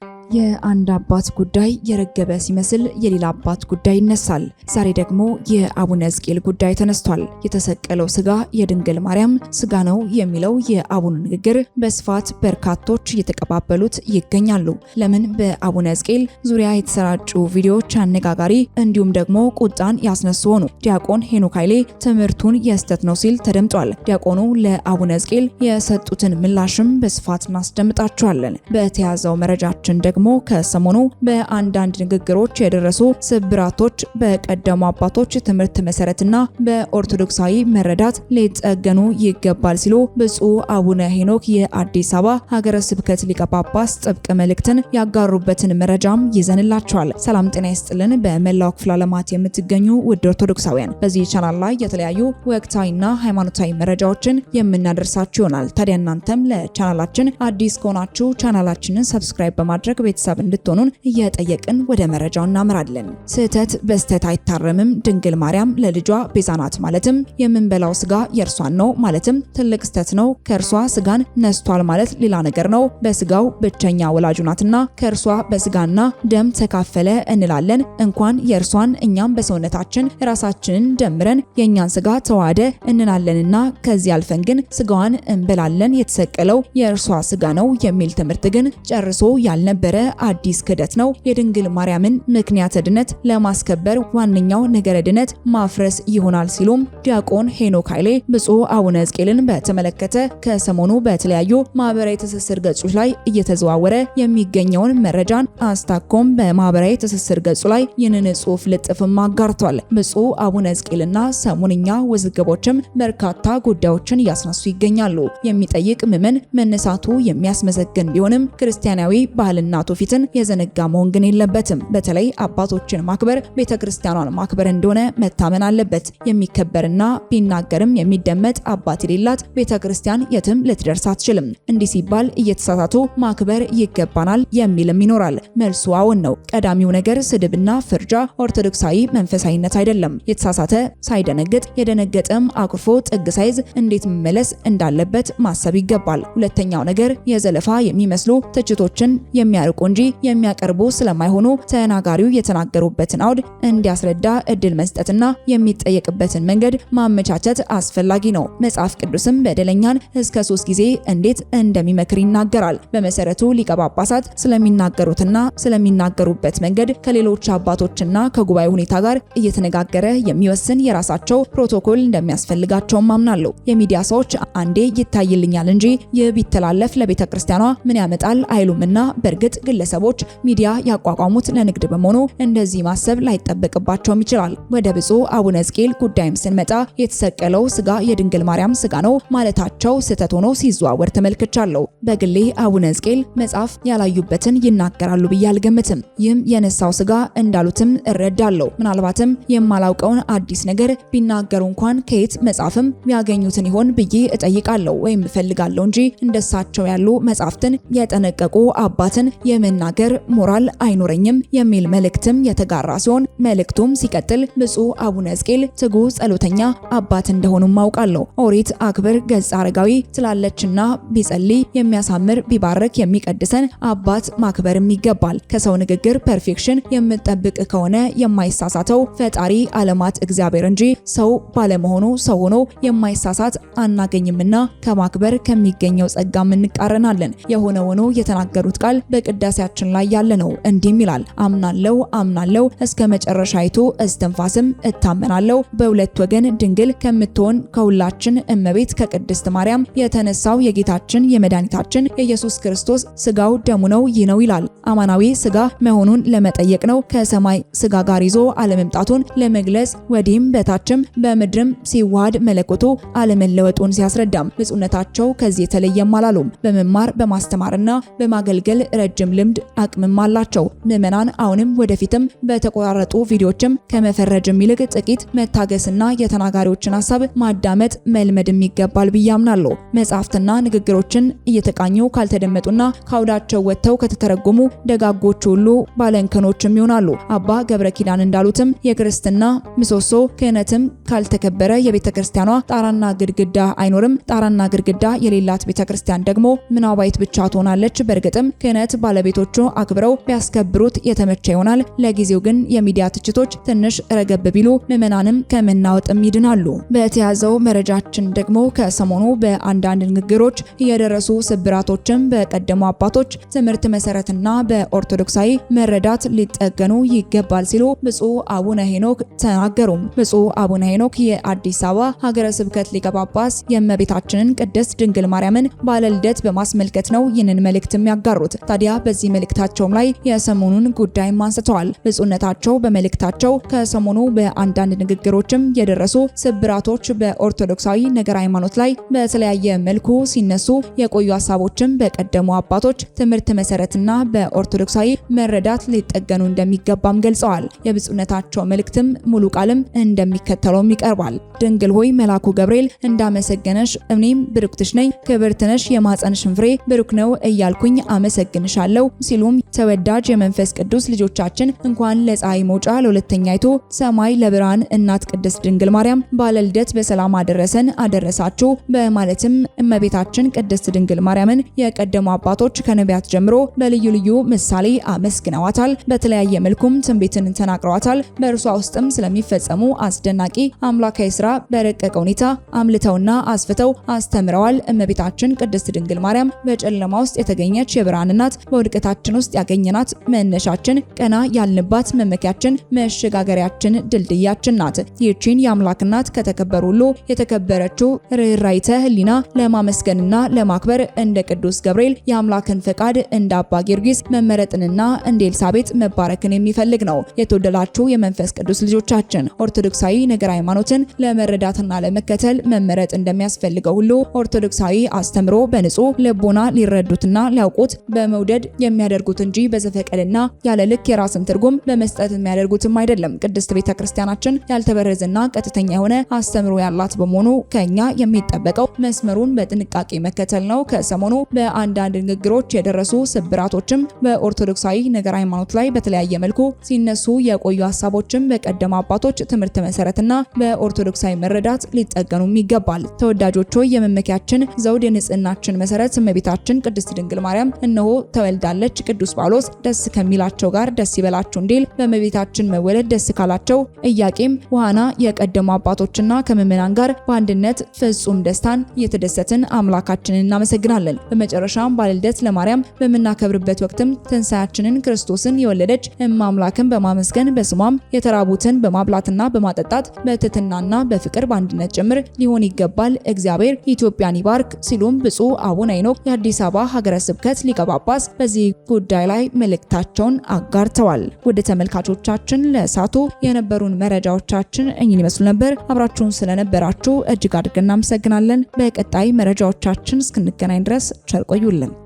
Thank you. የአንድ አባት ጉዳይ የረገበ ሲመስል የሌላ አባት ጉዳይ ይነሳል። ዛሬ ደግሞ የአቡነ ሕዝቅኤል ጉዳይ ተነስቷል። የተሰቀለው ስጋ የድንግል ማርያም ስጋ ነው የሚለው የአቡነ ንግግር በስፋት በርካቶች እየተቀባበሉት ይገኛሉ። ለምን በአቡነ ሕዝቅኤል ዙሪያ የተሰራጩ ቪዲዮዎች አነጋጋሪ እንዲሁም ደግሞ ቁጣን ያስነሱ ሆኑ። ዲያቆን ሄኖክ ኃይሌ ትምህርቱን የስተት ነው ሲል ተደምጧል። ዲያቆኑ ለአቡነ ሕዝቅኤል የሰጡትን ምላሽም በስፋት እናስደምጣቸዋለን። በተያዘው መረጃችን ደግሞ ደግሞ ከሰሞኑ በአንዳንድ ንግግሮች የደረሱ ስብራቶች በቀደሙ አባቶች ትምህርት መሰረትና በኦርቶዶክሳዊ መረዳት ሊጠገኑ ይገባል ሲሉ ብፁዕ አቡነ ሄኖክ የአዲስ አበባ ሀገረ ስብከት ሊቀ ጳጳስ ጥብቅ መልእክትን ያጋሩበትን መረጃም ይዘንላቸዋል። ሰላም ጤና ይስጥልን። በመላው ክፍለ ዓለማት የምትገኙ ውድ ኦርቶዶክሳውያን በዚህ ቻናል ላይ የተለያዩ ወቅታዊና ሃይማኖታዊ መረጃዎችን የምናደርሳችሁ ይሆናል። ታዲያ እናንተም ለቻናላችን አዲስ ከሆናችሁ ቻናላችንን ሰብስክራይብ በማድረግ ቤተሰብ እንድትሆኑን እየጠየቅን ወደ መረጃው እናምራለን። ስህተት በስህተት አይታረምም። ድንግል ማርያም ለልጇ ቤዛ ናት። ማለትም የምንበላው ስጋ የእርሷን ነው ማለትም ትልቅ ስህተት ነው። ከእርሷ ስጋን ነስቷል ማለት ሌላ ነገር ነው። በስጋው ብቸኛ ወላጁ ናትና ከእርሷ በስጋና ደም ተካፈለ እንላለን። እንኳን የእርሷን እኛም በሰውነታችን ራሳችንን ደምረን የእኛን ስጋ ተዋህደ እንላለንና ከዚህ አልፈን ግን ስጋዋን እንበላለን የተሰቀለው የእርሷ ስጋ ነው የሚል ትምህርት ግን ጨርሶ ያልነበረ አዲስ ክደት ነው። የድንግል ማርያምን ምክንያተ ድነት ለማስከበር ዋነኛው ነገረ ድነት ማፍረስ ይሆናል ሲሉም ዲያቆን ሄኖክ ኃይሌ ብፁዕ አቡነ ሕዝቅኤልን በተመለከተ ከሰሞኑ በተለያዩ ማህበራዊ ትስስር ገጾች ላይ እየተዘዋወረ የሚገኘውን መረጃን አስታኮም በማህበራዊ ትስስር ገጹ ላይ ይህንን ጽሑፍ ልጥፍም አጋርቷል። ብፁዕ አቡነ ሕዝቅኤልና ሰሞንኛ ውዝግቦችም በርካታ ጉዳዮችን እያስነሱ ይገኛሉ። የሚጠይቅ ምዕመን መነሳቱ የሚያስመሰግን ቢሆንም ክርስቲያናዊ ባህልና አቶ ፊትን የዘነጋ መሆን ግን የለበትም። በተለይ አባቶችን ማክበር ቤተ ክርስቲያኗን ማክበር እንደሆነ መታመን አለበት። የሚከበርና ቢናገርም የሚደመጥ አባት የሌላት ቤተ ክርስቲያን የትም ልትደርስ አትችልም። እንዲህ ሲባል እየተሳሳቱ ማክበር ይገባናል የሚልም ይኖራል። መልሱ አዎን ነው። ቀዳሚው ነገር ስድብና ፍርጃ ኦርቶዶክሳዊ መንፈሳዊነት አይደለም። የተሳሳተ ሳይደነግጥ የደነገጠም አኩርፎ ጥግ ሳይዝ እንዴት መመለስ እንዳለበት ማሰብ ይገባል። ሁለተኛው ነገር የዘለፋ የሚመስሉ ትችቶችን የሚያርቁ የሚያውቁ እንጂ የሚያቀርቡ ስለማይሆኑ ተናጋሪው የተናገሩበትን አውድ እንዲያስረዳ እድል መስጠትና የሚጠየቅበትን መንገድ ማመቻቸት አስፈላጊ ነው። መጽሐፍ ቅዱስም በደለኛን እስከ ሶስት ጊዜ እንዴት እንደሚመክር ይናገራል። በመሰረቱ ሊቀ ጳጳሳት ስለሚናገሩትና ስለሚናገሩበት መንገድ ከሌሎች አባቶችና ከጉባኤ ሁኔታ ጋር እየተነጋገረ የሚወስን የራሳቸው ፕሮቶኮል እንደሚያስፈልጋቸውም አምናለሁ። የሚዲያ ሰዎች አንዴ ይታይልኛል እንጂ ይህ ቢተላለፍ ለቤተ ክርስቲያኗ ምን ያመጣል አይሉምና በእርግጥ ግለሰቦች ሚዲያ ያቋቋሙት ለንግድ በመሆኑ እንደዚህ ማሰብ ላይጠበቅባቸውም ይችላል። ወደ ብፁዕ አቡነ ሕዝቅኤል ጉዳይም ስንመጣ የተሰቀለው ስጋ የድንግል ማርያም ስጋ ነው ማለታቸው ስህተት ሆኖ ሲዘዋወር ተመልክቻለሁ። በግሌ አቡነ ሕዝቅኤል መጽሐፍ ያላዩበትን ይናገራሉ ብዬ አልገምትም። ይህም የነሳው ስጋ እንዳሉትም እረዳለሁ። ምናልባትም የማላውቀውን አዲስ ነገር ቢናገሩ እንኳን ከየት መጽሐፍም ያገኙትን ይሆን ብዬ እጠይቃለሁ ወይም እፈልጋለሁ እንጂ እንደሳቸው ያሉ መጽሐፍትን የጠነቀቁ አባትን የመናገር ሞራል አይኖረኝም የሚል መልእክትም የተጋራ ሲሆን መልእክቱም ሲቀጥል ብፁዕ አቡነ ሕዝቅኤል ትጉህ ጸሎተኛ አባት እንደሆኑም አውቃለሁ። ኦሪት አክብር ገጽ አረጋዊ ስላለችና ቢጸልይ የሚያሳምር ቢባርክ የሚቀድሰን አባት ማክበርም ይገባል። ከሰው ንግግር ፐርፌክሽን የምጠብቅ ከሆነ የማይሳሳተው ፈጣሪ አለማት እግዚአብሔር እንጂ ሰው ባለመሆኑ ሰው ሆኖ የማይሳሳት አናገኝምና ከማክበር ከሚገኘው ጸጋም እንቃረናለን። የሆነ ሆኖ የተናገሩት ቃል በቅድ በውዳሴያችን ላይ ያለ ነው። እንዲህም ይላል አምናለው አምናለው እስከ መጨረሻይቱ እስትንፋስም እታመናለው በሁለት ወገን ድንግል ከምትሆን ከሁላችን እመቤት ከቅድስት ማርያም የተነሳው የጌታችን የመድኃኒታችን የኢየሱስ ክርስቶስ ስጋው ደሙ ነው። ይህ ነው ይላል። አማናዊ ስጋ መሆኑን ለመጠየቅ ነው። ከሰማይ ስጋ ጋር ይዞ አለመምጣቱን ለመግለጽ ወዲህም በታችም በምድርም ሲዋሃድ መለኮቱ አለመለወጡን ሲያስረዳም ብፁዕነታቸው ከዚህ የተለየም አላሉም። በመማር በማስተማርና በማገልገል ረጅም ረጅም ልምድ አቅምም አላቸው። ምዕመናን አሁንም ወደፊትም በተቆራረጡ ቪዲዮዎችም ከመፈረጅም ይልቅ ጥቂት መታገስና የተናጋሪዎችን ሀሳብ ማዳመጥ መልመድም ይገባል ብዬ አምናለሁ። መጻሕፍትና ንግግሮችን እየተቃኙ ካልተደመጡና ካውዳቸው ወጥተው ከተተረጎሙ ደጋጎች ሁሉ ባለንከኖችም ይሆናሉ። አባ ገብረ ኪዳን እንዳሉትም የክርስትና ምሰሶ ክህነትም ካልተከበረ የቤተ ክርስቲያኗ ጣራና ግድግዳ አይኖርም። ጣራና ግድግዳ የሌላት ቤተ ክርስቲያን ደግሞ ምናባይት ብቻ ትሆናለች። በእርግጥም ክህነት ባለ ባለቤቶቹ አክብረው ቢያስከብሩት የተመቸ ይሆናል። ለጊዜው ግን የሚዲያ ትችቶች ትንሽ ረገብ ቢሉ ምዕመናንም ከመናወጥም ይድናሉ። በተያዘው መረጃችን ደግሞ ከሰሞኑ በአንዳንድ ንግግሮች የደረሱ ስብራቶችም በቀደሙ አባቶች ትምህርት መሰረትና በኦርቶዶክሳዊ መረዳት ሊጠገኑ ይገባል ሲሉ ብፁዕ አቡነ ሄኖክ ተናገሩ። ብፁዕ አቡነ ሄኖክ የአዲስ አበባ ሀገረ ስብከት ሊቀ ጳጳስ የእመቤታችንን ቅድስት ድንግል ማርያምን ባለልደት በማስመልከት ነው ይህንን መልእክትም ያጋሩት። ታዲያ በዚህ መልእክታቸውም ላይ የሰሞኑን ጉዳይም አንስተዋል። ብፁዕነታቸው በመልእክታቸው ከሰሞኑ በአንዳንድ ንግግሮችም የደረሱ ስብራቶች በኦርቶዶክሳዊ ነገር ሃይማኖት ላይ በተለያየ መልኩ ሲነሱ የቆዩ ሀሳቦችም በቀደሙ አባቶች ትምህርት መሰረትና በኦርቶዶክሳዊ መረዳት ሊጠገኑ እንደሚገባም ገልጸዋል። የብፁዕነታቸው መልእክትም ሙሉ ቃልም እንደሚከተለውም ይቀርባል። ድንግል ሆይ መልአኩ ገብርኤል እንዳመሰገነሽ እኔም ብሩክትሽ ነኝ፣ ክብርትነሽ የማጸንሽን ፍሬ ብሩክ ነው እያልኩኝ አመሰግንሻለሁ። አለው ሲሉም ተወዳጅ የመንፈስ ቅዱስ ልጆቻችን እንኳን ለፀሐይ መውጫ ለሁለተኛይቱ ሰማይ ለብርሃን እናት ቅድስት ድንግል ማርያም ባለ ልደት በሰላም አደረሰን አደረሳችሁ በማለትም እመቤታችን ቅድስት ድንግል ማርያምን የቀደሙ አባቶች ከነቢያት ጀምሮ በልዩ ልዩ ምሳሌ አመስግነዋታል። በተለያየ መልኩም ትንቢትን ተናግረዋታል። በእርሷ ውስጥም ስለሚፈጸሙ አስደናቂ አምላካዊ ስራ በረቀቀ ሁኔታ አምልተውና አስፍተው አስተምረዋል። እመቤታችን ቅድስት ድንግል ማርያም በጨለማ ውስጥ የተገኘች የብርሃን እናት በወድ በእድገታችን ውስጥ ያገኘናት መነሻችን፣ ቀና ያልንባት መመኪያችን፣ መሸጋገሪያችን፣ ድልድያችን ናት። ይህችን የአምላክ እናት ከተከበሩ ሁሉ የተከበረችው ርኅራይተ ህሊና ለማመስገንና ለማክበር እንደ ቅዱስ ገብርኤል የአምላክን ፈቃድ እንደ አባ ጊዮርጊስ መመረጥንና እንደ ኤልሳቤጥ መባረክን የሚፈልግ ነው። የተወደላችሁ የመንፈስ ቅዱስ ልጆቻችን ኦርቶዶክሳዊ ነገር ሃይማኖትን ለመረዳትና ለመከተል መመረጥ እንደሚያስፈልገው ሁሉ ኦርቶዶክሳዊ አስተምሮ በንጹህ ልቦና ሊረዱትና ሊያውቁት በመውደድ የሚያደርጉት እንጂ በዘፈቀድና ያለ ልክ የራስን ትርጉም በመስጠት የሚያደርጉትም አይደለም። ቅድስት ቤተ ክርስቲያናችን ያልተበረዘና ቀጥተኛ የሆነ አስተምሮ ያላት በመሆኑ ከኛ የሚጠበቀው መስመሩን በጥንቃቄ መከተል ነው። ከሰሞኑ በአንዳንድ ንግግሮች የደረሱ ስብራቶችም በኦርቶዶክሳዊ ነገር ሃይማኖት ላይ በተለያየ መልኩ ሲነሱ የቆዩ ሀሳቦችም በቀደሙ አባቶች ትምህርት መሰረትና በኦርቶዶክሳዊ መረዳት ሊጠገኑም ይገባል። ተወዳጆች ሆይ የመመኪያችን ዘውድ የንጽህናችን መሰረት እመቤታችን ቅድስት ድንግል ማርያም እነሆ ተወልዳ እንዳለች ቅዱስ ጳውሎስ ደስ ከሚላቸው ጋር ደስ ይበላችሁ እንዲል በእመቤታችን መወለድ ደስ ካላቸው ኢያቄም ወሐና የቀደሙ አባቶችና ከምዕመናን ጋር በአንድነት ፍጹም ደስታን እየተደሰትን አምላካችንን እናመሰግናለን። በመጨረሻም ባለልደት ለማርያም በምናከብርበት ወቅትም ትንሣያችንን ክርስቶስን የወለደች እማ አምላክን በማመስገን በስሟም የተራቡትን በማብላትና በማጠጣት በትህትናና በፍቅር በአንድነት ጭምር ሊሆን ይገባል። እግዚአብሔር ኢትዮጵያን ይባርክ ሲሉም ብፁዕ አቡነ ሄኖክ የአዲስ አበባ ሀገረ ስብከት ሊቀ ጳጳስ በዚህ ጉዳይ ላይ መልእክታቸውን አጋርተዋል። ወደ ተመልካቾቻችን ለእሳቱ የነበሩን መረጃዎቻችን እኝን ይመስሉ ነበር። አብራችሁን ስለነበራችሁ እጅግ አድርገን እናመሰግናለን። በቀጣይ መረጃዎቻችን እስክንገናኝ ድረስ ቸር ቆዩልን።